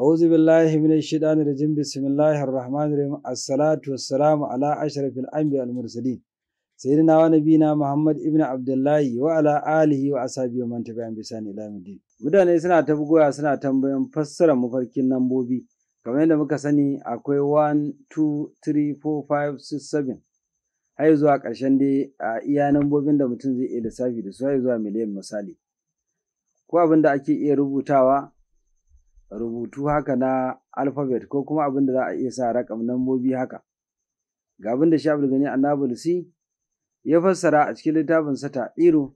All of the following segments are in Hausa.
أعوذ بالله من الشيطان الرجيم بسم الله الرحمن الرحيم الصلاة والسلام على أشرف الأنبياء المرسلين سيدنا ونبينا محمد ابن عبد الله وعلى آله وأصحابه ومن تبعهم بإحسان إلى يوم الدين mutane suna ta bugowa suna tambayan fassara mafarkin lambobi kamar yadda muka sani akwai 1 2 3 4 5 6 7 har zuwa ƙarshen dai a iya da mutum zai iya lissafi da su har zuwa miliyan misali ko abin da ake iya rubutawa rubutu haka na alfabet ko kuma abin da za a iya sa rakam nambobi haka ga abin da Shabir gani c ya fassara a cikin littafin sa ta'iru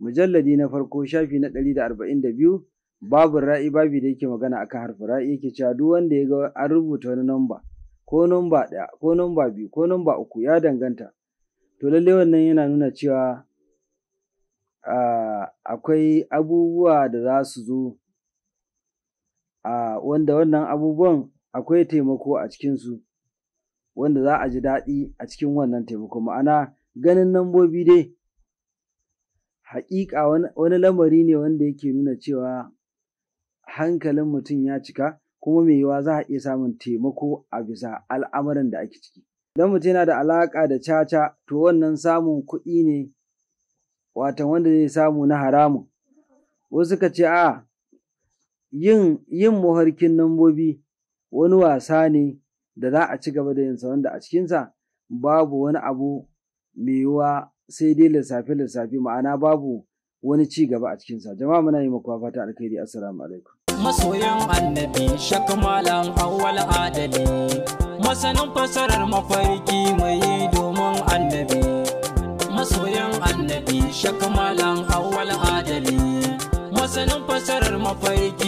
mujalladi na farko shafi na da da arba'in biyu. babu ra'i babu da yake magana akan harfin ra'i yake cewa duk wanda ya ga an rubuta wani namba ko namba ɗaya ko namba biyu ko namba uku ya danganta to lalle wannan yana nuna cewa ah, akwai abubuwa da za su zo wanda wannan abubuwan akwai taimako a cikinsu wanda za a ji daɗi a cikin wannan taimako ma'ana ganin lambobi dai haƙiƙa wani lamari ne wanda yake nuna cewa hankalin mutum ya cika kuma mai yiwa za a iya samun taimako a bisa al'amuran da ake ciki. Idan mutum yana da alaƙa da caca to wannan samun kuɗi ne watan wanda zai samu na haramun. Wasu suka ce a yin yin nambobi wani wasa ne da za a ci gaba da yinsa wanda a cikinsa babu wani abu mai yiwuwa sai dai lissafe-lissafe ma'ana babu wani ci gaba a cikinsa jama'a muna yi makuwa fata alkhairi assalamu alaikum masoyan annabi shakamalan awwal adali masanin fasarar mafarki mai yi domin annabi masoyan annabi shakamalan awwal adali masanin fasarar mafarki